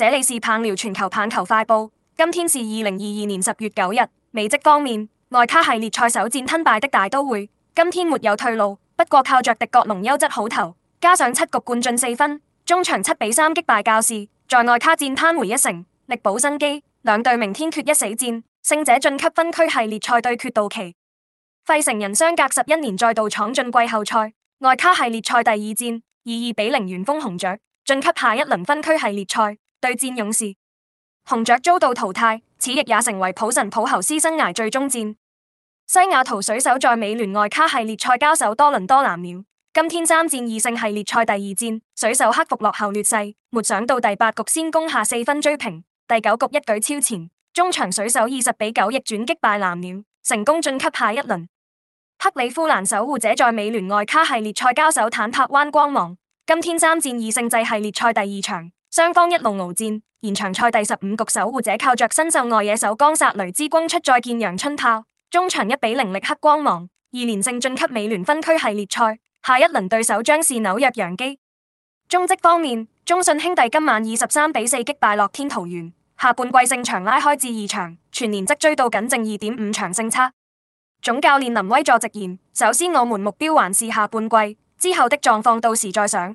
這裏是棒聊全球棒球快報，今天是二零二二年十月九日。美職方面，外卡系列賽首戰吞敗的大都會，今天沒有退路，不過靠着迪格隆優質好投，加上七局灌進四分，終場七比三擊敗教士，在外卡戰扳回一城，力保生機。兩隊明天決一死戰，勝者晉級分區系列賽對決。到期費城人相隔十一年再度闖進季後賽，外卡系列賽第二戰二二比零完封紅雀，晉級下一輪分區系列賽。對戰勇士，紅雀遭到淘汰，此役也成為普神普侯斯生涯最終戰。西雅圖水手在美聯外卡系列賽交手多倫多藍，藍鳥，今天三戰二勝系列賽第二戰，水手克服落後劣勢，沒想到第八局先攻下四分追平，第九局一舉超前，中場水手二十比九逆轉擊敗藍鳥，成功晉級下一輪。克里夫蘭守護者在美聯外卡系列賽交手坦帕灣光芒，今天三戰二勝制系列賽第二場。雙方一路鏖戰，延長賽第十五局守護者靠着新秀外野手岡薩雷茲轟出再見陽春炮，中場一比零力克光芒，二連勝晉級美聯分區系列賽，下一輪對手將是紐約洋基。中職方面，中信兄弟今晚二十三比四擊敗樂天桃園，下半季勝場拉開至二場，全年則追到僅剩二點五場勝差。總教練林威助直言：首先我們目標還是下半季，之後的狀況到時再想。